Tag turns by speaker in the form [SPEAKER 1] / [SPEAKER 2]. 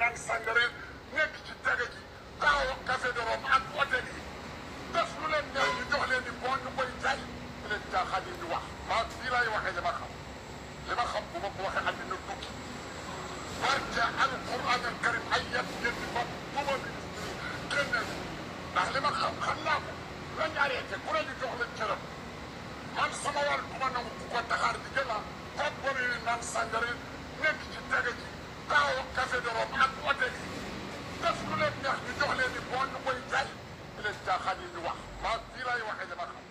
[SPEAKER 1] naan sàngareen nekk ci tege ji taxaw café de Rome ak hôtel yi def lu leen neex ñu jox leen di bon ñu koy jaay bu leen caaxaan yi di wax maa fii laay waxee li ma xam li ma xam bu ma ko waxee àddina tukki barke alquran al karim ay yat ngeen di ba duma ministre yi génne ndax li ma xam xam naa ko lañ arrêté ku ne ñu jox leen cëram man sama wàll duma nangu ku ko taxaar di jëla kooku bëri naan sàngareen neex ñu jox leen ni boo ñu koy jaay di leen caaxaan yi ñu wax maa fii laay waxee dama xam